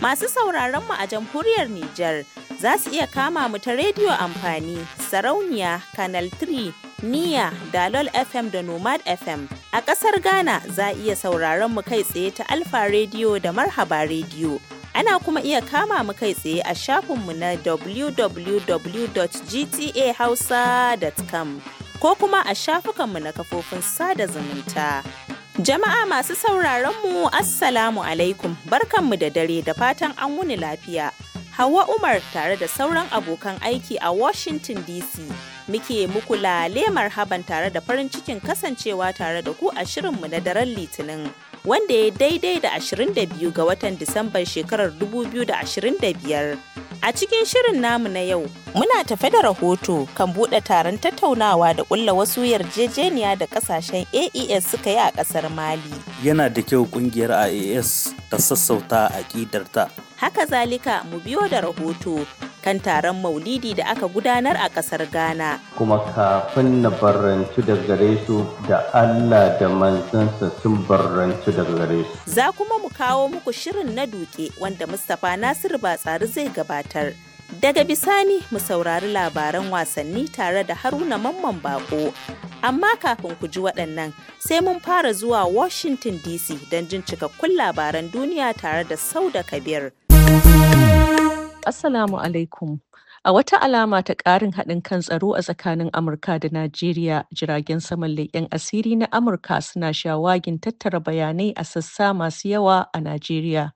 Masu sauraron mu a jamhuriyar Nijar za su iya kama mu ta rediyo amfani, sarauniya, Canal 3, Niya, Dalol FM da Nomad FM. A ƙasar Ghana za iya sauraron mu kai tsaye ta Alfa Radio da Marhaba Radio. Ana kuma iya kama mu kai tsaye a shafinmu na www.gtahausa.com ko kuma a shafukanmu na kafofin sada zumunta. Jama'a masu sauraron mu Assalamu alaikum barkanmu da dare da fatan an wuni lafiya. Hawa Umar tare da sauran abokan aiki a Washington DC muke muku lemar haban tare da farin cikin kasancewa tare da ku a shirinmu na daren Litinin. Wanda ya daidai da 22 ga watan Disambar shekarar 2025. A cikin shirin namu na yau, muna tafe da rahoto kan buɗe taron tattaunawa da ƙulla wasu yarjejeniya da ƙasashen AES suka yi a ƙasar Mali. Yana da kyau ƙungiyar AES ta sassauta a aƙidarta. Haka zalika mu biyo da rahoto kan taron maulidi da aka gudanar a kasar ghana kuma kafin na barrantu da gare su da allah da manzansa sun barrantu da gare su za kuma mu kawo muku shirin na duke wanda mustapha nasiru batsari zai gabatar daga bisani mu saurari labaran wasanni tare da haruna mamman bako amma kafin ku ji waɗannan sai mun fara zuwa Washington DC don jin cikakkun labaran duniya tare da sau da Kabir. Assalamu alaikum. A wata alama ta ƙarin haɗin kan tsaro a tsakanin Amurka da Najeriya, jiragen saman leƙen asiri na Amurka suna shawagin tattara bayanai a sassa masu yawa a Najeriya.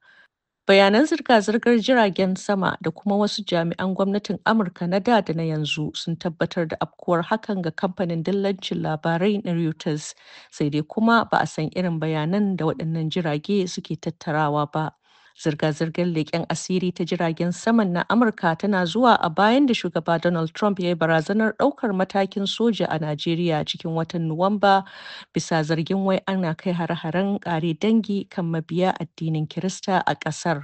Bayanan zirga-zirgar jiragen sama da kuma wasu jami'an gwamnatin Amurka na da da na yanzu sun tabbatar da afkuwar hakan ga kamfanin dillancin labarai na Reuters, sai dai kuma ba a san irin bayanan da waɗannan jirage suke tattarawa ba. Zirga-zirgar leƙen asiri ta jiragen saman na Amurka tana zuwa a bayan da shugaba Donald Trump ya yi barazanar ɗaukar matakin soja a Najeriya cikin watan Nuwamba bisa zargin wai ana kai har haren ƙare dangi kan mabiya addinin Kirista a ƙasar.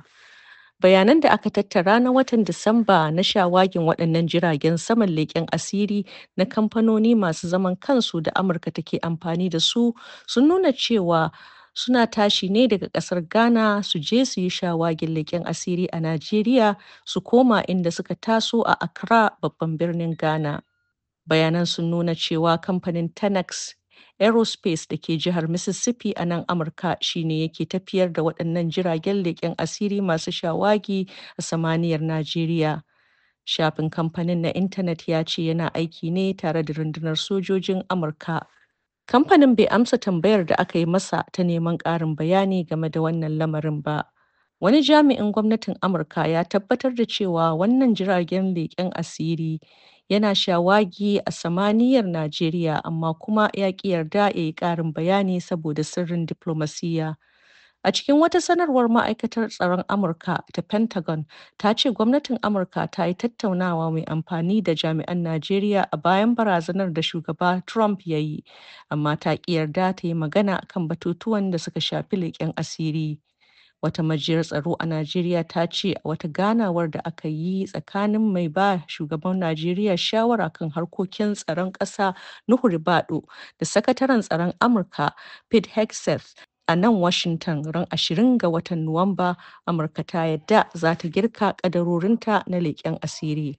bayanan da aka tattara na watan Disamba na shawagin waɗannan jiragen saman leƙen asiri na kamfanoni masu zaman kansu da Amurka take amfani da su sun nuna cewa suna tashi ne daga ƙasar Ghana su je su yi shawagin leƙen asiri a Najeriya su koma inda suka taso a Accra babban birnin Ghana. Bayanan sun nuna cewa kamfanin Tenex Aerospace da ke jihar Mississippi a nan Amurka shine yake tafiyar da waɗannan jiragen leƙen asiri masu shawagi a samaniyar Najeriya. Shafin kamfanin na intanet ya ce yana aiki ne tare da rundunar sojojin Amurka. Kamfanin bai amsa tambayar da aka yi masa ta neman ƙarin bayani game da wannan lamarin ba. Wani jami'in gwamnatin Amurka ya tabbatar da cewa wannan jiragen leƙen asiri yana shawagi a samaniyar Najeriya amma kuma ya ƙi yarda ya yi ƙarin bayani saboda sirrin diflomasiyya. A cikin wata sanarwar Ma'aikatar Tsaron Amurka ta Pentagon ta ce gwamnatin Amurka ta yi tattaunawa mai amfani da jami'an Najeriya a bayan barazanar da Shugaba Trump ya yi, amma ta ƙi yarda ta yi magana kan batutuwan da suka shafi leƙen asiri. Wata majiyar tsaro a Najeriya ta ce a wata ganawar da aka yi tsakanin mai ba shugaban Najeriya shawara kan harkokin tsaron ƙasa Nuhu Ribadu da Sakataren Tsaron Amurka Pete Hegseth a nan Washington ran 20 ga watan Nuwamba, Amurka ta yadda za ta girka kadarorinta na leƙen asiri.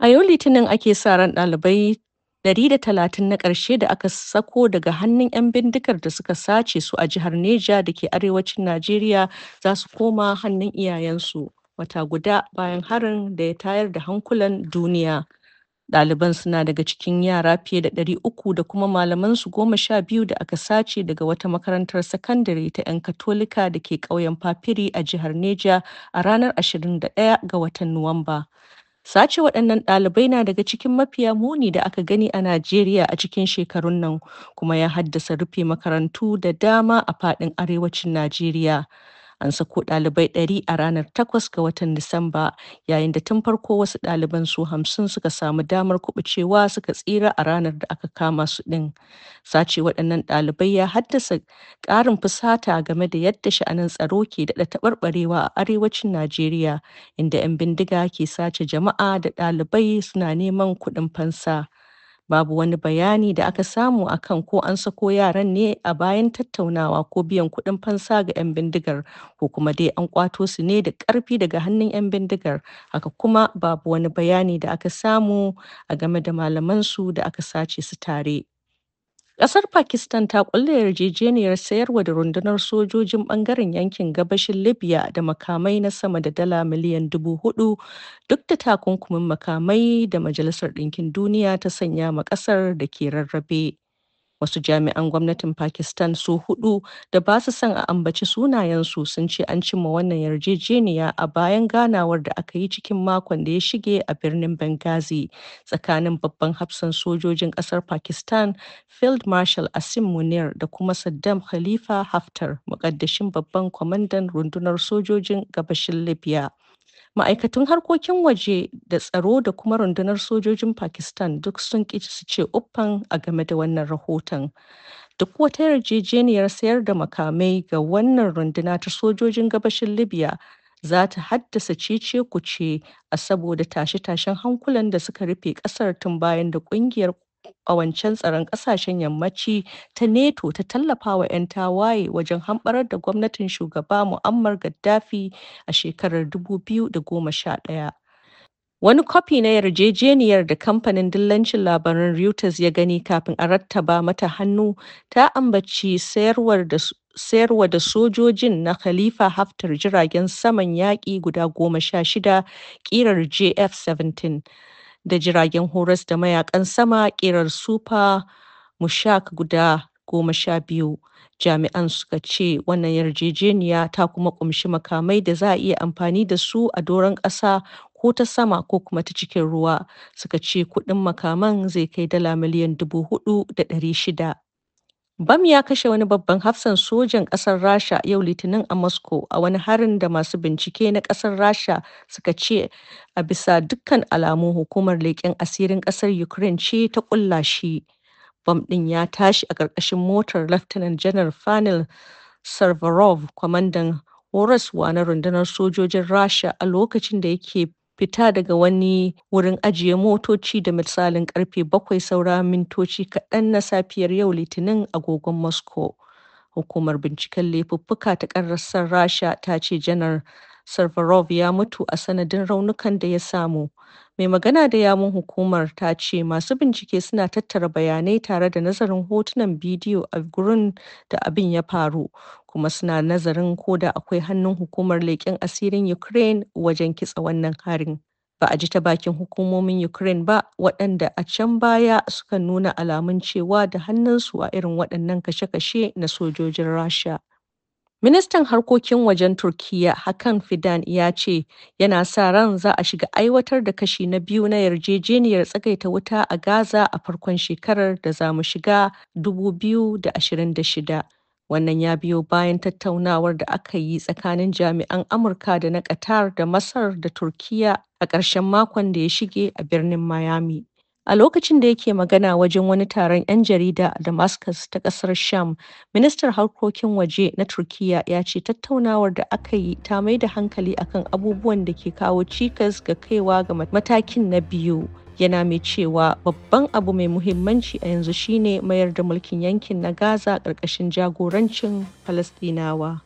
A yau Litinin ake sa ran ɗalibai 130 na ƙarshe da aka sako daga hannun 'yan bindigar da suka sace su a jihar Neja da ke arewacin Najeriya za su koma hannun iyayensu wata guda bayan harin da ya tayar da hankulan duniya. Ɗaliban suna daga cikin yara fiye da ɗari uku da kuma malaman su goma sha biyu da aka sace daga wata makarantar sakandare ta 'yan Katolika da ke ƙauyen Papiri a jihar Neja a ranar 21 ga watan Nuwamba. Sace waɗannan ɗalibai na daga cikin mafiya muni da aka gani a Najeriya a cikin shekarun nan kuma ya haddasa rufe makarantu da dama a faɗin arewacin Najeriya. an sako ɗalibai ɗari a ranar takwas ga watan Disamba yayin da tun farko wasu ɗaliban su hamsin suka samu damar kubucewa suka tsira a ranar da aka kama su ɗin. Sace waɗannan ɗalibai ya haddasa ƙarin fusata game da yadda sha'anin tsaro ke daɗa taɓarɓarewa a arewacin Najeriya inda 'yan bindiga ke sace jama'a da ɗalibai suna neman kuɗin fansa. Babu wani bayani da aka samu a kan ko an sako yaran ne a bayan tattaunawa ko biyan kuɗin fansa ga 'yan bindigar ko kuma dai an ƙwato su ne da ƙarfi daga hannun 'yan bindigar. Haka kuma babu wani bayani da aka samu a game da malamansu da aka sace su tare. Ƙasar Pakistan ta ƙulla yarjejeniyar sayarwa da rundunar sojojin ɓangaren yankin gabashin Libya da makamai na sama da dala miliyan dubu hudu duk da takunkumin makamai da Majalisar Ɗinkin Duniya ta sanya ma ƙasar da ke rarrabe. wasu jami'an gwamnatin pakistan su hudu da ba su son a ambaci sunayensu sun ce an cimma wannan yarjejeniya a bayan ganawar da aka yi cikin makon da ya shige a birnin benghazi tsakanin babban hafsan sojojin kasar pakistan field marshal asim munir da kuma saddam khalifa haftar mukaddashin babban kwamandan rundunar sojojin gabashin libya ma'aikatun harkokin waje da tsaro da kuma rundunar sojojin pakistan duk sun ƙi su ce uffan a game da wannan rahoton duk wata yarjejeniyar sayar da makamai ga wannan runduna ta sojojin gabashin libya za ta haddasa cece kuce a saboda tashe-tashen hankulan da suka rufe kasar tun bayan da kungiyar kawancen tsaron kasashen yammaci ta neto ta tallafawa 'yan tawaye wajen hamɓarar da gwamnatin shugaba muammar gaddafi a shekarar 2011 Wani kwafi na yarjejeniyar da kamfanin dillancin labaran Reuters ya gani kafin a rattaba mata hannu ta ambaci sayarwa da sojojin na Khalifa Haftar jiragen saman yaƙi guda goma sha shida ƙirar JF-17. da jiragen horas da mayakan sama ƙerar sufa Mushak guda goma sha biyu. Jami'an suka ce wannan yarjejeniya ta kuma ƙumshi makamai da za a iya amfani da su a doron ƙasa ko ta sama ko kuma ta cikin ruwa suka ce kuɗin makaman zai kai dala miliyan dubu hudu da ɗari shida. Bam ya kashe wani babban hafsan sojan ƙasar Rasha yau Litinin a Moscow a wani harin da masu bincike na ƙasar Rasha suka ce a bisa dukkan alamu hukumar leƙen asirin ƙasar Ukraine ce ta ƙulla shi. Bam ɗin ya tashi a ƙarƙashin motar Laftanan Janar Fanil Servarov, kwamandan wa na rundunar sojojin Rasha a lokacin da yake fita daga wani wurin ajiye motoci da misalin karfe bakwai saura mintoci kaɗan na safiyar yau Litinin agogon Moscow. Hukumar binciken laifuffuka ta ƙarassar Rasha ta ce Janar sarvarov ya mutu a sanadin raunukan da ya samu. Mai magana da yawun hukumar ta ce masu bincike suna tattara bayanai tare da nazarin hotunan bidiyo a gurin da abin ya faru, kuma suna nazarin ko da akwai hannun hukumar leƙen asirin Ukraine wajen kitsa wannan harin. Ba a ji ta bakin hukumomin Ukraine ba waɗanda a can baya suka nuna alamun cewa da hannunsu a irin waɗannan kashe-kashe na sojojin Rasha. Ministan Harkokin Wajen Turkiyya Hakan Fidan ya ce yana sa ran za a shiga aiwatar da kashi na biyu na yarjejeniyar tsagaita wuta a Gaza a farkon shekarar da za mu shiga 2026. Wannan ya biyo bayan tattaunawar da aka yi tsakanin jami'an Amurka da na Qatar da Masar da Turkiyya a ƙarshen makon da ya shige a birnin Miami. A lokacin da yake magana wajen wani taron 'yan jarida a Damascus ta ƙasar Sham, ministan harkokin waje na Turkiyya ya ce tattaunawar da aka yi ta mai da hankali akan abubuwan da ke kawo cikas ga kaiwa ga matakin na biyu. yana mai cewa babban abu mai muhimmanci a yanzu shine mayar da mulkin yankin na gaza ƙarƙashin jagorancin falastinawa.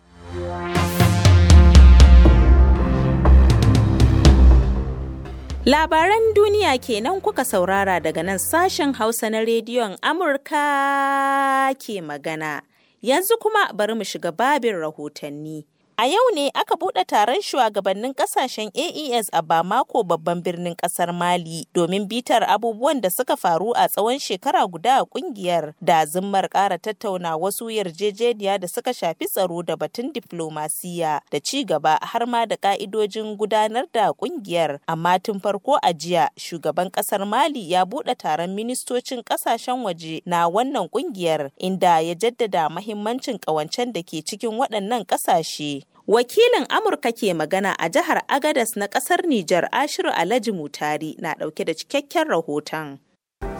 Labaran duniya kenan kuka saurara daga nan sashen Hausa na rediyon Amurka ke magana. Yanzu kuma bari mu shiga babin rahotanni. A yau ne aka buɗe taron shugabannin ƙasashen AES a Bamako babban birnin ƙasar Mali domin bitar abubuwan da suka faru a tsawon shekara guda a ƙungiyar da zimmar ƙara tattauna wasu yarjejeniya da suka shafi tsaro da batun diflomasiya da ci gaba har ma da ƙa'idojin gudanar da ƙungiyar. Amma tun farko a jiya shugaban ƙasar Mali ya buɗe taron ministocin ƙasashen waje na wannan ƙungiyar inda ya jaddada mahimmancin ƙawancen da ke cikin waɗannan ƙasashe. Wakilin Amurka ke magana a jihar Agadas na kasar Nijar Ashiru Alhaji Mutari na dauke da cikakken rahoton.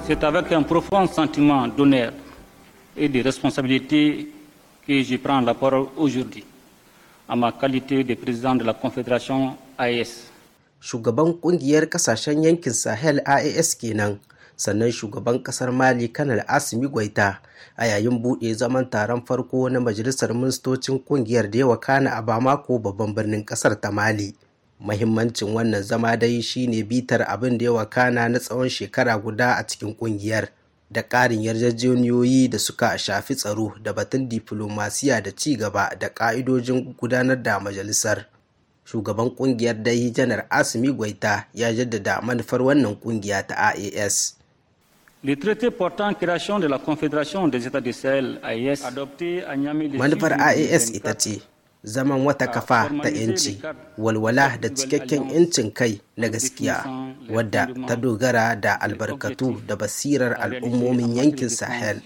C'est avec un profond sentiment d'honneur et de responsabilité que je prends la parole aujourd'hui à ma qualité de président de la Confédération AES. Shugaban kungiyar kasashen yankin Sahel AES kenan. sannan shugaban kasar mali kanal asimi gwaita a yayin buɗe zaman taron farko na majalisar ministocin kungiyar da yawa kana a bamako babban birnin kasar ta mali mahimmancin wannan zama dai shine bitar abin da yawa kana na tsawon shekara guda a cikin kungiyar da ƙarin yarjejeniyoyi da suka shafi tsaro da batun diflomasiya da ci gaba da ƙa'idojin gudanar da majalisar shugaban kungiyar dai janar asimi gwaita ya jaddada manufar wannan kungiya ta aas Le traité portant création de la Confédération des États du Sahel, AIS, e adopté à Niamey le 6 zaman wata kafa ta 'yanci walwala da cikakken 'yancin kai na gaskiya wadda ta dogara da albarkatu da basirar al'ummomin yankin sahel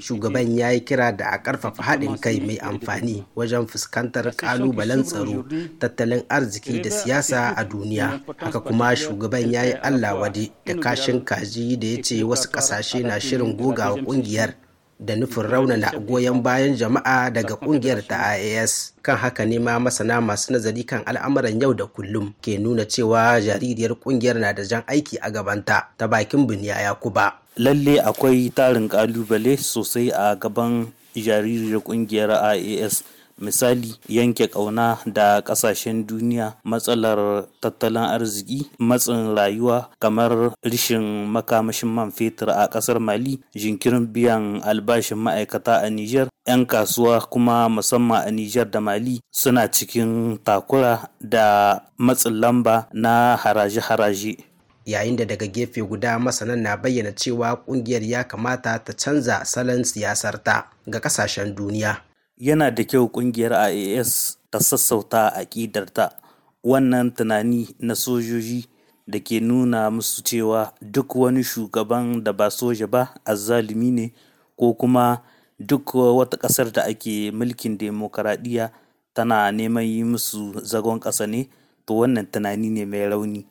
shugaban ya yi kira da a ƙarfafa haɗin kai mai amfani wajen fuskantar ƙalubalen tsaro tattalin arziki da siyasa a duniya haka kuma shugaban ya yi allah wade da kashin kaji da ya ce wasu ƙasashe na shirin gogawa ƙungiyar da nufin na goyon bayan jama'a daga kungiyar ta IAS. Kan haka ne ma masana masu nazari kan al'amuran yau da kullum ke nuna cewa jaririyar kungiyar na da jan aiki a gabanta ta bakin ya kuba. Lalle akwai tarin kalubale sosai a gaban jaririyar kungiyar IAS. misali yanke ƙauna da ƙasashen duniya matsalar tattalin arziki matsin rayuwa kamar rishin makamashin man fetur a ƙasar mali jinkirin biyan albashin ma'aikata a niger 'yan kasuwa kuma musamman a niger da mali suna cikin takura da matsin lamba na haraje-haraje yayin da daga gefe guda masanan na bayyana cewa kungiyar ya kamata ta canza salon siyasarta ga kasashen duniya Yana da kyau ƙungiyar IAS ta sassauta a aƙidarta wannan tunani na sojoji da ke nuna musu cewa duk wani shugaban da ba soja ba azzalumi ne ko kuma duk wata ƙasar da ake mulkin demokaradiyya tana neman yi musu zagon ƙasa ne, to wannan tunani ne mai rauni.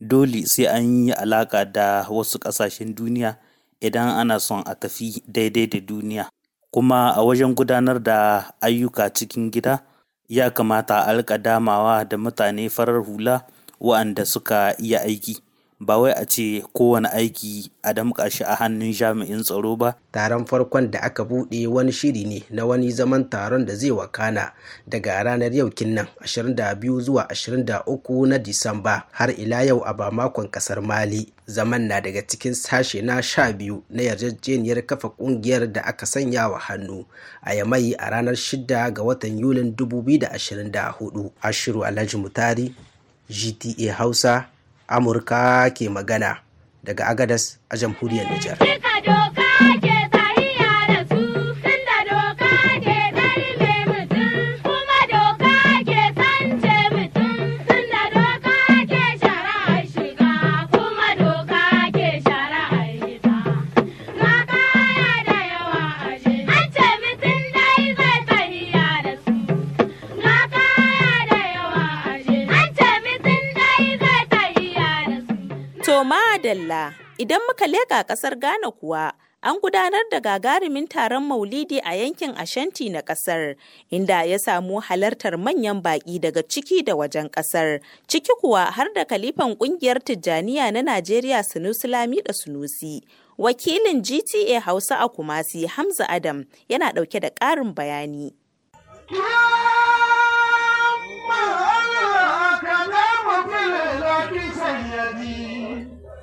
Dole sai an yi alaƙa da wasu ƙasashen duniya idan ana son a tafi daidai da duniya. kuma a wajen gudanar da ayyuka cikin gida, ya kamata a damawa da mutane farar hula wa'anda suka iya aiki. ba wai a ce kowane aiki a damƙa shi a hannun jami'in tsaro ba. Taron farkon da aka buɗe wani shiri ne na wani zaman taron da zai wakana daga ranar yau kinnan 22 zuwa 23 na Disamba har ila yau a bamakon kasar Mali. Zaman na daga cikin sashe na sha biyu na yarjejeniyar kafa ƙungiyar da aka sanya wa hannu a yamai a ranar 6 ga watan Yulin 2024. Ashiru Alhaji Mutari, GTA Hausa, amurka ke magana daga agadas a jamhuriyar nijar Madalla, idan muka leƙa ƙasar Ghana kuwa, an gudanar da gagarumin taron maulidi a yankin Ashanti na ƙasar, inda ya samu halartar manyan baƙi daga ciki da wajen ƙasar, ciki kuwa har da kalifan ƙungiyar Tijjaniya na Najeriya Sunusi Lami da Sunusi. Wakilin GTA Hausa a Kumasi Hamza Adam yana ɗauke da ƙarin bayani.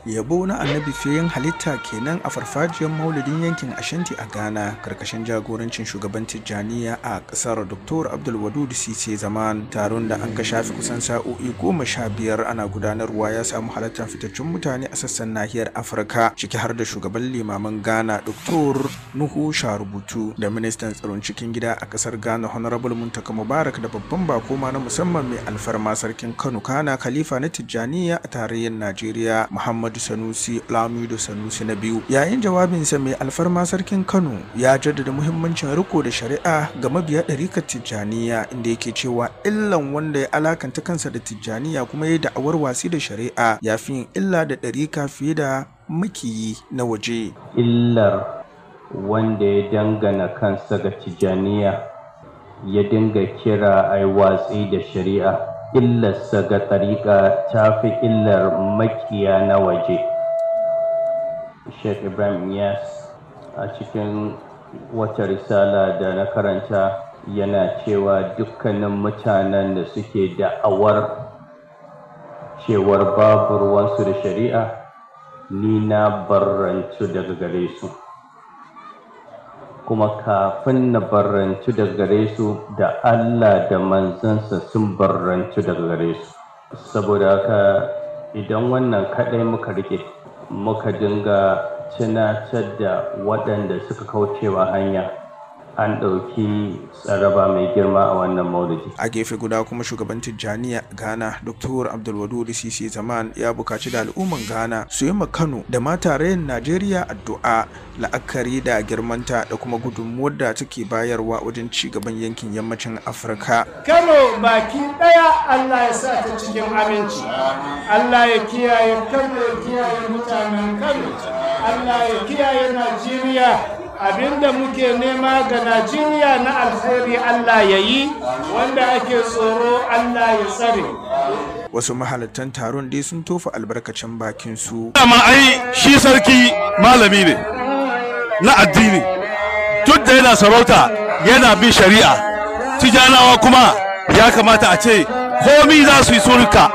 yabo na annabi fiyin halitta kenan a farfajiyar maulidin yankin ashanti a ghana karkashin jagorancin shugaban tijjaniya a kasar dr Wadud sise zaman taron da an ka shafi kusan sa'o'i goma sha biyar ana gudanarwa ya samu halartar fitaccen mutane a sassan nahiyar afirka ciki har da shugaban limaman ghana dr nuhu sharubutu da ministan tsaron cikin gida a kasar ghana honorable muntaka mubarak da babban bakoma na musamman mai alfarma sarkin kano kana khalifa na tijjaniya a tarayyar najeriya muhammad Muhammadu Sanusi Lamido Sanusi na biyu. Yayin jawabinsa mai alfarma sarkin Kano ya jaddada muhimmancin riko da shari'a ga mabiya ɗarikar Tijjaniya inda yake cewa illan wanda ya alakanta kansa da Tijjaniya kuma ya da'awar wasi da shari'a ya fi yin illa da ɗarika fiye da makiyi na waje. Illar wanda ya dangana kansa ga Tijjaniya ya dinga kira ai watsi da shari'a. illarsa ga tariƙa ta fi illar makiya na waje sheikh ibrahim yas a cikin wata risala da na karanta yana cewa dukkanin mutanen da suke da'awar cewar babu ruwansu da shari'a ni na barrantu daga gare su kuma kafin na barrantu daga gare su da Allah da manzansa sun barrantu daga gare su saboda haka idan wannan kaɗai muka rike muka dinga cina da waɗanda suka kaucewa hanya an ɗauki tsaraba mai girma a wannan maulidi. A gefe guda kuma shugaban Tijjaniya Ghana Dr. Abdulwadud Sisi Zaman ya bukaci da al'umman Ghana su yi Kano da ma tarayyar Najeriya addu'a la'akari da girmanta da kuma gudunmuwar da take bayarwa wajen ci gaban yankin yammacin Afirka. Kano baki ɗaya Allah ya sa ta cikin aminci. Allah ya kiyaye Kano ya kiyaye mutanen Kano. Allah ya kiyaye Najeriya. abinda muke nema ga najeriya na alheri allah ya yi wanda ake tsoro allah ya tsare wasu mahalattan taron dai sun tofa albarkacin bakin su dama ai shi sarki malami ne na addini duk da yana sarauta yana bin shari'a tijanawa kuma ya kamata a ce komi za su yi suruka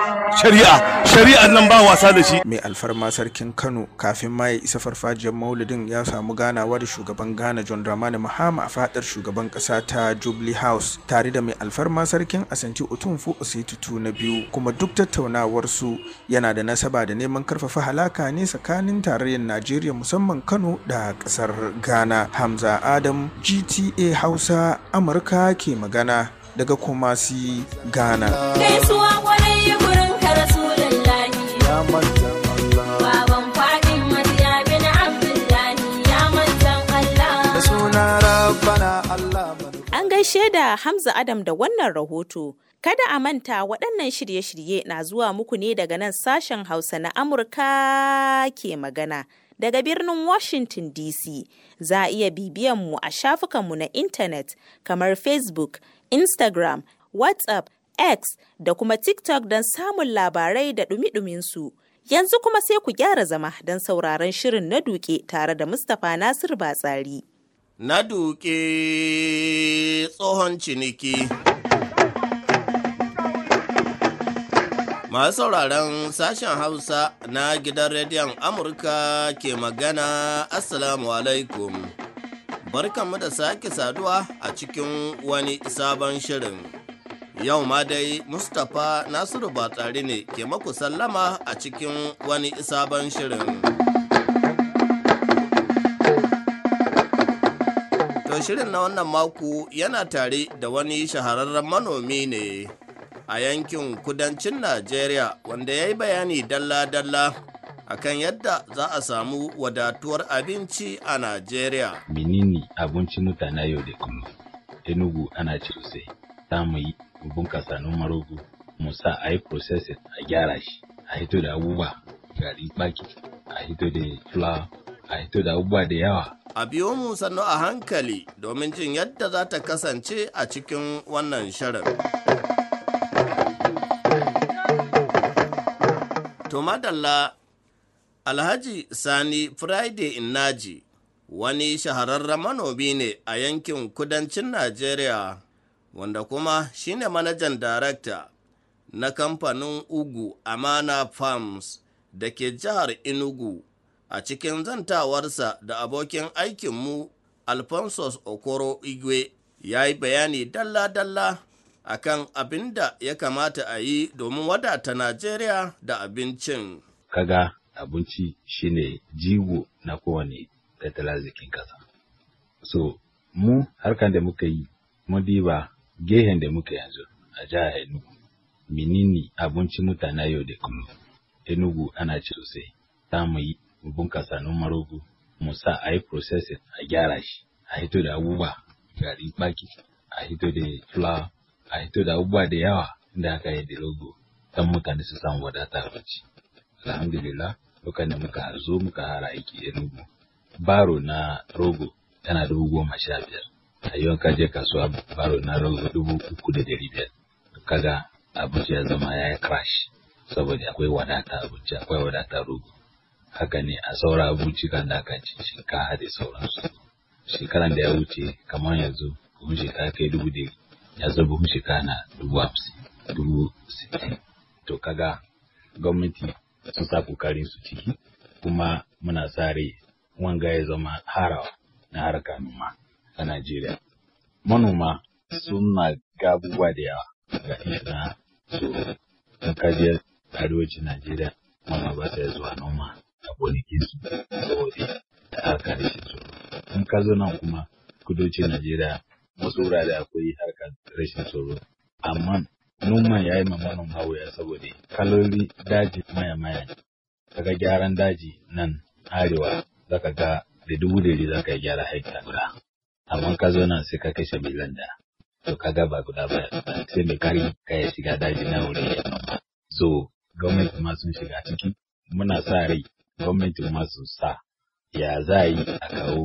shari'a shari'an nan ba wasa da shi mai alfarma sarkin kano kafin ma ya isa farfajiyar maulidin ya samu ganawa da shugaban ghana john dramani mahama a fadar shugaban kasa ta jubilee house tare da mai alfarma sarkin asanti otunfu osetutu na biyu kuma duk tattaunawar su yana da nasaba da neman karfafa halaka ne tsakanin tarayyar najeriya musamman kano da kasar ghana hamza adam gta hausa amurka ke magana daga kumasi ghana An gaishe da Hamza Adam da wannan rahoto. Kada a manta waɗannan shirye-shirye na zuwa muku ne daga nan sashen Hausa na Amurka ke magana. daga birnin Washington DC. Za a iya bibiyanmu a shafukanmu na intanet kamar Facebook, Instagram, WhatsApp X da kuma TikTok don samun labarai da ɗumi su Yanzu kuma sai ku gyara zama don sauraron shirin na duke tare da Mustapha Nasir Batsari. Na duke tsohon ciniki. Masu sauraron sashen Hausa na gidan rediyon Amurka ke magana Assalamu alaikum. Barkanmu da sake saduwa a cikin wani sabon shirin. Yau ma dai Mustapha Nasiru Batsari ne ke maku sallama a cikin wani sabon shirin. To shirin na wannan mako yana tare da wani shahararren manomi ne a yankin kudancin Najeriya wanda ya yi bayani dalla-dalla akan yadda za a samu wadatuwar abinci a Najeriya. Menene abinci mutane yau da kuma? Enugu ana ce sai, za mu yi bunkasa noman rogo mu sa a yi processing a gyara shi a hito da abubuwa gari baki a hito da flour a hito da abubuwa da yawa a biyo mu sannu a hankali domin jin yadda za ta kasance a cikin wannan shirin to madalla alhaji sani friday naji wani shahararren manomi ne a yankin kudancin najeriya wanda kuma shine manajan darakta na kamfanin ugu amana farms da ke jihar inugu a cikin zantawarsa da abokin aikinmu alphonsus okoro igwe ya yi bayani dalla-dalla a kan abin da ya kamata a yi domin wadata najeriya da abincin kaga abinci shine jigo na kowane tattalin arzikin kasa so mu harkar da muka yi mun diba gehen da muke yanzu a jihar Enugu, menene abinci mutane yau da kullum. Enugu ana ci sosai, ta mu yi bunkasa noma rogo, mu sa a yi processing a gyara shi, a hito da abubuwa gari baki, a hito da flour, a hito da abubuwa da yawa da aka yi da rogo, don mutane su samu wadata abinci. Alhamdulillah, lokacin da muka zo muka hara aiki Enugu, baro na rogo tana da goma sha biyar. a ka je kasuwa baro na raba dubu uku da dari biyar kaga abinci ya zama ya yi crash saboda akwai wadata abinci akwai wadata rogo haka ne a saura abinci kan da aka ci shinkafa da sauransu shekaran da ya wuce kamar yanzu kuma shekara kai dubu da ya zo kuma shekara na dubu hamsin dubu sittin to kaga gwamnati sun sa kokarin su ciki kuma muna sare wanga ya zama harawa na harkar noma a Najeriya. Manoma mm-hmm. suna gabuwa da yawa ga ina su in arewacin Najeriya manoma ba sa zuwa noma a gonakin su saboda harkar rashin tsaro. In ka zo nan kuma kudocin Najeriya wasu wurare akwai harkar rashin tsoro. amma noma ya yi ma manoma wuya saboda kalori daji maya maya ne. Kaga gyaran daji nan arewa zaka ga da dubu da za ka gyara hekta guda. amma ka zo nan sai ka kashe miliyan da to ka ga ba guda ba sai mai kari ka ya shiga daji na wuri ya noma so gwamnati ma sun shiga ciki muna sa rai gwamnati ma su sa ya za yi a kawo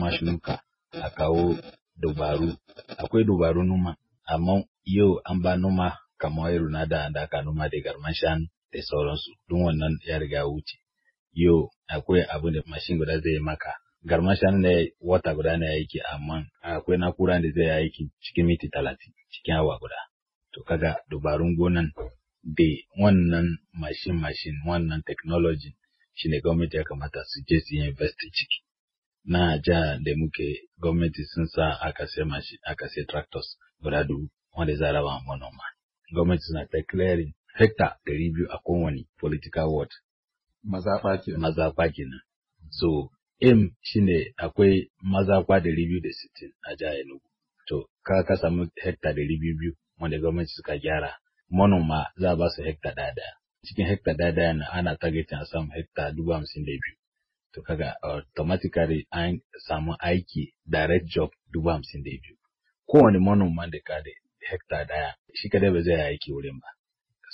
mashinuka a kawo dubaru akwai dubaru numa amma yau an ba numa kamar irin na da da aka numa da garman shanu da sauransu don wannan ya riga wuce yau akwai abu da mashin guda zai maka garman shanu ne wata guda ne aiki amma akwai na kura da zai aiki cikin miti talatin cikin awa guda to kaga dubarun gonan da wannan mashin mashin wannan technology shi ne gwamnati ya kamata su je su invest ciki na ja da muke gwamnati sun sa aka sai mashin aka sai tractors guda dubu wanda za raba manoma gwamnati suna ta clearing hekta biyu a kowane political ward mazaɓa kenan so M shine akwai mazakwa dari biyu da sittin a jihar Enugu. To, ka ka samu hekta dari biyu biyu wanda gwamnati suka gyara. Manoma za a ba su hekta ɗaya ɗaya. Cikin hekta ɗaya ɗaya na ana targeting a samu hekta dubu hamsin da biyu. To kaga automatically an samu aiki direct job dubu hamsin da biyu. Kowane manoma da ka da hekta ɗaya shi kadai ba zai aiki wurin ba.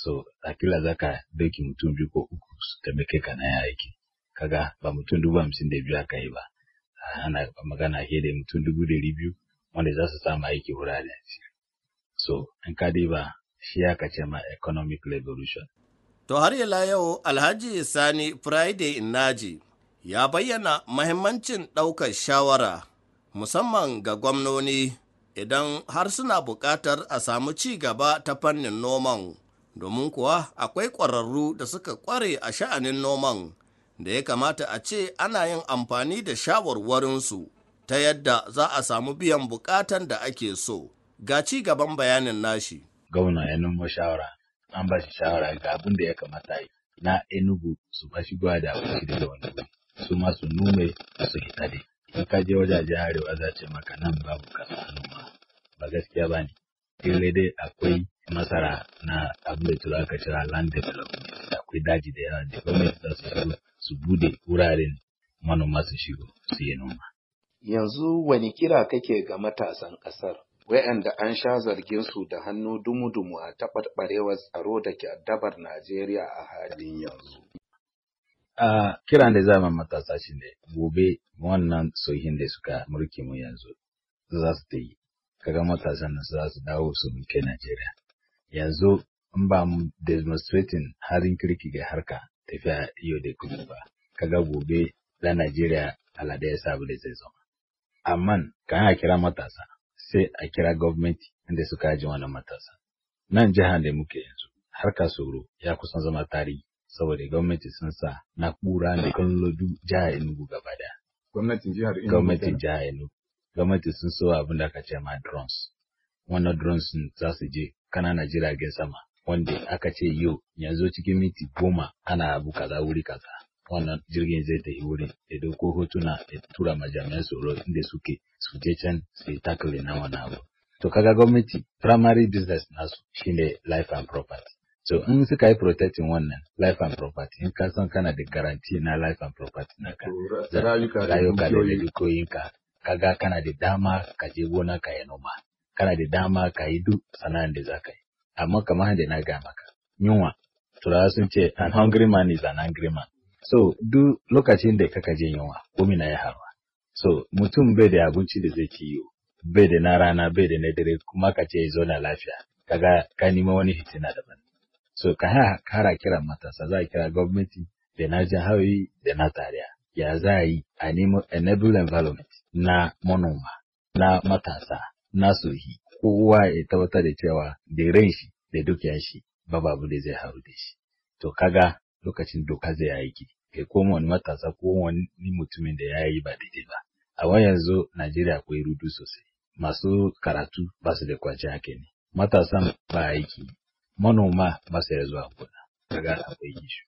So, akila za ka doki mutum biyu ko uku su taimake ka na aiki. kaga ba mutum dubu hamsin da biyu aka yi ba ana magana ke da mutum dubu da biyu wanda za su samu aiki wurare so in ka ba shi aka ce ma economic revolution to har yala yau alhaji sani friday naji ya bayyana mahimmancin ɗaukar shawara musamman ga gwamnoni idan har suna buƙatar a samu ci gaba ta fannin noman domin kuwa akwai ƙwararru da suka ƙware a sha'anin noman da ya kamata a ce ana yin amfani da shawarwarinsu ta yadda za a samu biyan bukatan da ake so. Ga ci gaban bayanin nashi. Gwamna ya nemo shawara, an ba shi shawara ga abin da ya kamata yi. Na Enugu su ba shi gwada a da wani su ma su nume su hita ne. In ka je wajajen arewa za ce maka nan babu kasa noma. Ba gaskiya ba ne. Ire dai akwai masara na abin da tura cira land development. Akwai daji da yawa da gwamnati za su shigo su bude wuraren manoma su shigo su yi noma. Yanzu wani kira kake ga matasan ƙasar wayanda an sha zargin su da hannu dumu-dumu a taɓarɓarewar tsaro da ke addabar Najeriya a halin yanzu. A kiran da zama matasa shi ne gobe wannan sohin da suka mulki mu yanzu za su ta yi. Kaga matasan nan za su dawo su muke Najeriya. Yanzu in ba mu demonstrating harin kirki ga harka tafiya yau da kullum ba kaga gobe na Najeriya Allah da ya sabu da zai zama amma kan a kira matasa sai a kira gwamnati inda suka ji wannan matasa nan jihar da muke yanzu har kasoro ya kusan zama tarihi saboda gwamnati sun sa na kura da kallodu jihar Enugu gaba da gwamnatin jihar Enugu gwamnatin jihar Enugu gwamnati sun so abin da aka ce ma drones wannan drones za su je Najeriya jiragen sama wanda aka ce yau yanzu cikin minti goma ana abu kaza wuri kaza wannan jirgin zai tafi wurin da dauko hotuna da tura ma jami'an inda suke su je can su yi tackle na wani abu to kaga gwamnati primary business nasu shine life and property so in suka yi protecting wannan life and property in ka san kana da garanti na life and property na ka rayuka da ka kaga kana da dama ka je gona ka yi noma kana da dama ka yi duk sana'an da za ka yi amma kamar da na ga maka yunwa turawa sun ce an hungry man is an angry man so duk lokacin da kaka je yunwa komi na ya harwa so mutum bai da abinci da zai ci yi bai da na rana bai da na dare kuma ka ce zo na lafiya kaga ka nima wani na daban so ka kara kira matasa za a kira gwamnati da na jihohi da na tariya ya za a yi a nemo enable environment na manoma na matasa na sohi kowa ya tabbatar da cewa da ran shi da dukiyan shi ba babu da zai haru da shi to kaga lokacin doka zai aiki kai ko wani matasa ko wani mutumin da ya yi ba daidai ba a yanzu Najeriya akwai rudu sosai masu karatu ba su da haka ne matasan ba aiki manoma ba su yi zuwa kuna kaga akwai gishu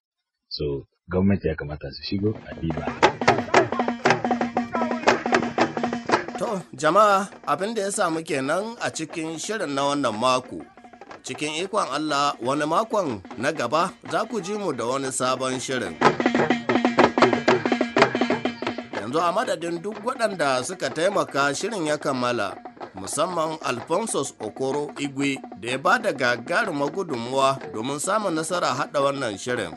so gwamnati ya kamata su shigo a diba To, jama'a abin da ya samu kenan a cikin shirin na wannan mako. Cikin ikon Allah wani makon na gaba za ku ji mu da wani sabon shirin. Yanzu a madadin duk waɗanda suka taimaka shirin ya kammala, musamman Alphonsus Okoro Igwe da ya ba da gagarumar gudunmuwa domin samun nasara haɗa wannan shirin.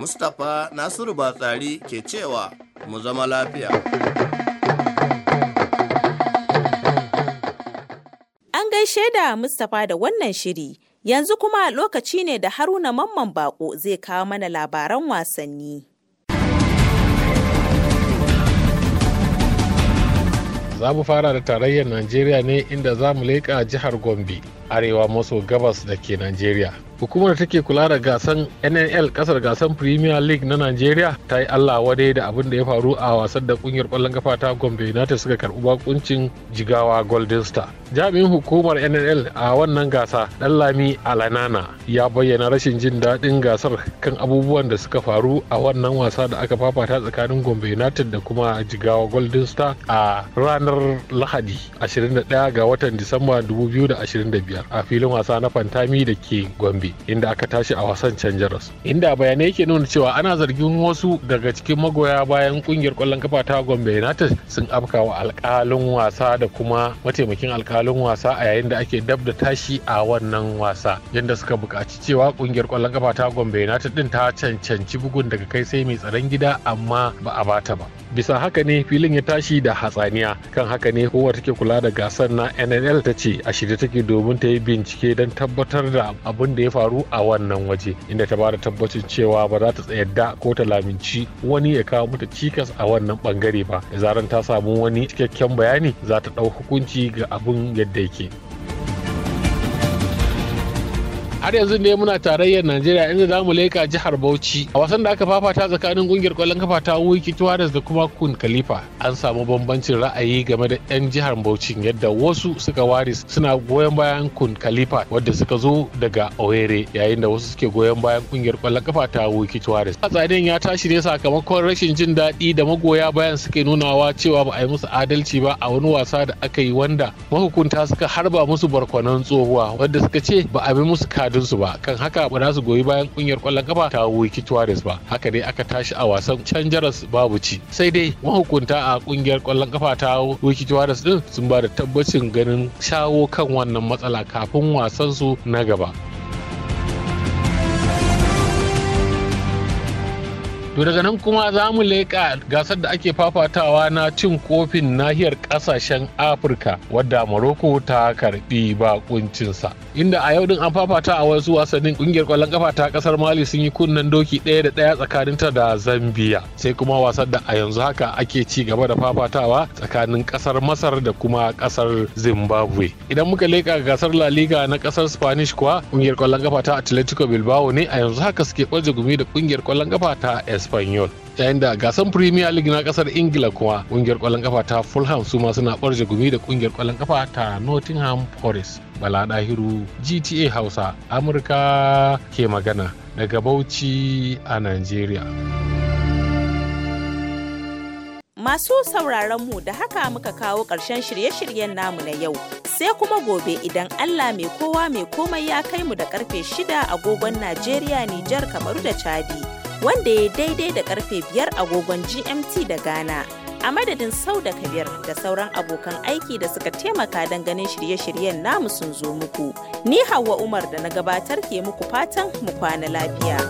Mustapha Nasiru Batsari ke cewa mu zama lafiya. shaida Mustapha da wannan shiri. Yanzu kuma lokaci ne da Haruna Mamman Bako zai kawo mana labaran wasanni. Za mu fara da tarayyar Najeriya ne inda za mu leƙa jihar Gombe. arewa maso gabas da ke Najeriya. Hukumar take kula da gasan NNL kasar gasan Premier League na Najeriya ta yi Allah wadai da abin da ya faru a wasan da kungiyar kwallon kafa ta Gombe United suka karbi bakuncin Jigawa Golden Star. Jami'in hukumar NNL a wannan gasa dan Lami Alanana ya bayyana rashin jin daɗin gasar kan abubuwan da suka faru a wannan wasa da aka fafata tsakanin Gombe United da kuma Jigawa Golden Star a ranar Lahadi 21 ga watan Disamba 2025. a filin wasa na Fantami da ke Gombe inda aka tashi a wasan can Jaros. Inda bayanai yake nuna cewa ana zargin wasu daga cikin magoya bayan kungiyar kwallon kafa ta Gombe United sun wa alkalin wasa da kuma mataimakin alkalin wasa a yayin da ake dab da tashi a wannan wasa yadda suka buƙaci cewa kungiyar kwallon kafa ta Gombe United din ta cancanci bugun daga kai sai mai tsaron gida amma ba a bata ba. bisa haka ne filin ya tashi da hatsaniya kan haka ne kowa take kula da gasar na nnl ta ce a shirye take domin ta yi bincike don tabbatar da abin da ya faru a wannan waje inda ta bada tabbacin cewa ba za ta tsayar ko ta laminci wani ya kawo mata cikas a wannan bangare ba da zaran ta samu wani cikakken bayani za ta ɗau hukunci ga abin yadda yake har yanzu ne muna tarayyar najeriya inda za mu leka jihar bauchi a wasan da aka fafata tsakanin kungiyar kwallon kafa ta wiki tuwaras da kuma kun khalifa an samu bambancin ra'ayi game da yan jihar bauchi yadda wasu suka waris suna goyon bayan kun khalifa wadda suka zo daga owerri yayin da wasu suke goyon bayan kungiyar kwallon kafa ta wiki tuwaras hatsarin ya tashi ne sakamakon rashin jin daɗi da magoya bayan suke nunawa cewa ba a yi musu adalci ba a wani wasa da aka yi wanda mahukunta suka harba musu barkwanon tsohuwa wadda suka ce ba a bi musu kada al'adunsu ba kan haka ba za su goyi bayan kungiyar kwallon kafa ta wiki tuwares ba haka dai aka tashi a wasan can jaras babu ci sai dai mahukunta a kungiyar kwallon kafa ta wiki tuwares din sun ba da tabbacin ganin shawo kan wannan matsala kafin wasan su na gaba. To daga nan kuma za mu leƙa gasar da ake fafatawa na cin kofin nahiyar ƙasashen Afirka wadda Morocco ta karɓi bakuncinsa. Inda a yau din an fafata a wasu wasannin ƙungiyar ƙwallon ƙafa ta ƙasar Mali sun yi kunnen doki ɗaya da ɗaya tsakanin ta da Zambia. Sai kuma wasan da a yanzu haka ake ci gaba da fafatawa tsakanin ƙasar Masar da kuma ƙasar Zimbabwe. Idan muka leƙa gasar La Liga na ƙasar Spanish kuwa ƙungiyar ƙwallon ƙafa ta Atletico Bilbao ne a yanzu haka suke ɓarje gumi da ƙungiyar ƙwallon ƙafa ta espanyol yayin da gasar premier league na kasar ingila kuma kungiyar kwallon kafa ta fulham su ma suna barje gumi da kungiyar kwallon kafa ta nottingham forest bala dahiru gta hausa amurka ke magana daga bauchi a nigeria Masu sauraron mu da haka muka kawo ƙarshen shirye-shiryen namu na yau, sai kuma gobe idan Allah mai kowa mai komai ya kai mu da karfe shida agogon Najeriya, Nijar, Kamaru da Chadi. wanda ya daidai da karfe 5 agogon GMT da Ghana. A madadin sau da kabir da sauran abokan aiki da suka taimaka don ganin shirye-shiryen namu sun zo muku. Ni Hauwa Umar da na gabatar ke muku fatan mu kwana lafiya.